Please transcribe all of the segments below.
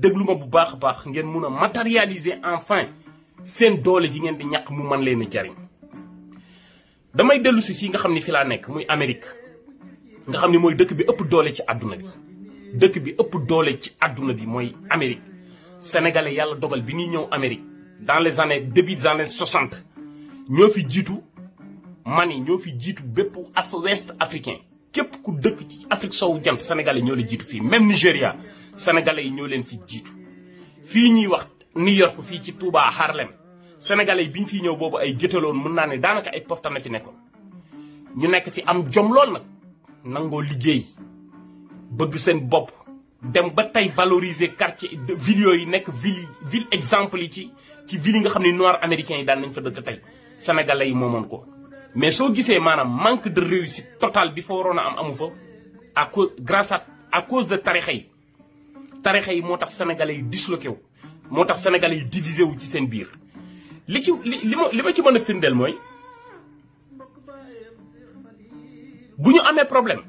déglu bu baax baax ngeen mëna matérialiser enfin seen doole ji ngeen di ñàkk mu man leen a jariñ damay dellu ci fi nga xamni fi la nekk muy Amérique nga xamni moy dëkk bi ëpp doole ci aduna bi dëkk bi ëpp doole ci aduna bi moy Amérique sénégalais yalla dogal bi ñuy ñëw Amérique dans les années début des années 60 ñofi jitu jiitu ñofi jitu ñoo afro jiitu ouest africain képp ku dëkk ci Afrique soowu jant sénégalais ñoo la jiitu fii même nigeria sénégalais ñoo leen fi jiitu fii ñuy wax New York fii ci Touba Harlem sénégalais biñ fi ñu fiy ñëw boobu ay gétaloon mën naa ne daanaka ay poftana fi nekkoon ñu nekk fi am jom lool nag nangoo liggéey bëgg seen bopp dem ba tey valoriser quartier vidéo yi nekk ville ville exemple yi ci ci ville yi nga xam ne noir américain yi daan nañ fa dëkk tey sénégalais yi moomoon ko mais so gisee manam manque de réussite totale bi fo waroon am amu fa à cause grâce à à cause de tarikhay tarikhay motax sénégalais yi disloqué wu moo sénégalais yi divisé wu ci sen biir li ci li ma ci mëna findel moy mooy bu ñu amee problème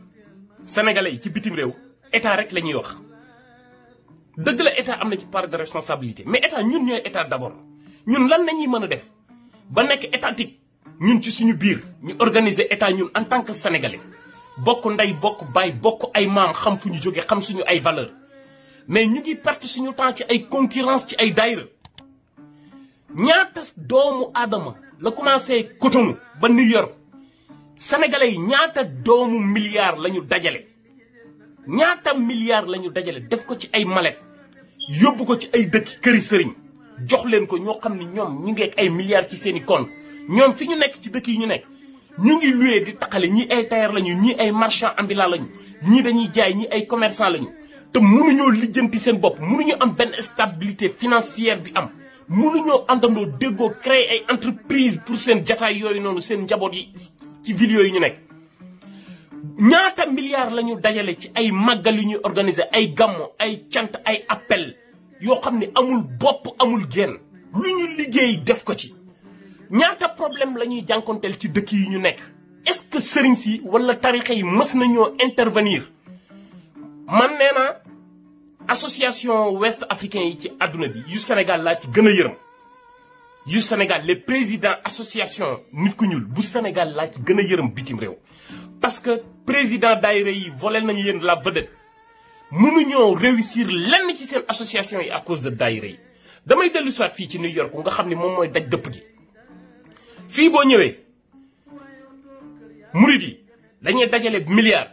sénégalais yi ci bitim rew état rek lañuy wax deug la état amna ci part de responsabilité mais état ñun ñoy état d'abord ñun lan lañuy mëna def ba nek étatique ñun ci suñu biir ñu organiser état ñun en tant que sénégalais bokk ndey bokk baay bokk ay maam xam fu ñu jóge xam suñu ay valeur mais ñu ngi perte suñu temps ci ay concurrence ci ay daayira ñaata doomu aadama la commencé Cotonou ba New York sénégalais yi ñaata doomu milliards la ñu dajale ñaata milliards la ñu dajale def ko ci ay mallette yóbbu ko ci ay dëkk këri sëriñ jox leen ko ñoo xam ne ñoom ñu ngi ngeek ay milliards ci seeni compte ñoom fi ñu nekk ci dëkk yi ñu nekk ñu ngi loué di taqale ñii ay tailleur lañu ñii ay marchand ambulant lañu ñii dañuy jaay ñii ay commerçant lañu te mënuñoo lijjanti seen bopp mënuñu am benn financière bi am mënuñoo àndandoo déggoo créer ay entreprise pour seen jataay yooyu noonu seen njaboot yi ci ville yooyu ñu nekk ñaata milliards lañu dajale ci ay màggal yu ñuy organisé ay gammo ay cant ay appel yoo xam ni amul bopp amul génn lu ñu liggéey def ko ci ñaata problème lañuy ñuy jànkonteel ci dëkk yi ñu nekk est-ce que sëriñ si wala tarixa yi mës nañoo intervenir man nee association ouest africain yi ci àdduna bi yu Sénégal laa ci gën a yërëm yu Sénégal les présidents association nit ku ñuul bu Sénégal laa ci gën a yërëm bitim réew parce que président daayira yi voleel nañu yéen la vedette mënuñoo réussir lenn ci seen association yi à cause de daayira yi damay dellu soit fii ci New York nga xam ne moom mooy daj dëpp gi fi bo ñëwee murid yi dañuy dajale milliard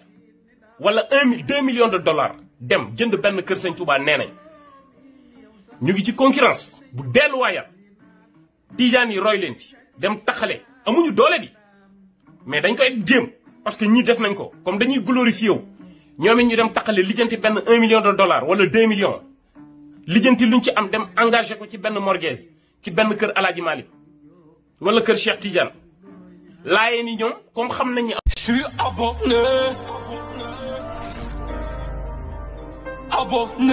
wala 1 2 millions de dollars dem jënd ben kër Seigne Touba nee ñu ngi ci concurrence bu delluwaayal tidiane yi roy leen ci dem taxale amuñu doolé bi mais dañ koy jéem parce que ñi def nañ ko comme dañuy glorifier wu ñu dem taxale lijjanti ben 1 million de dollars wala 2 millions lijjanti luñ ci am dem engager ko ci ben morgueuse ci ben kër Alaaji Malick wala kër Cheikh Tidiane laayeen yi ñoom comme xam nañu. je suis abonné abonné.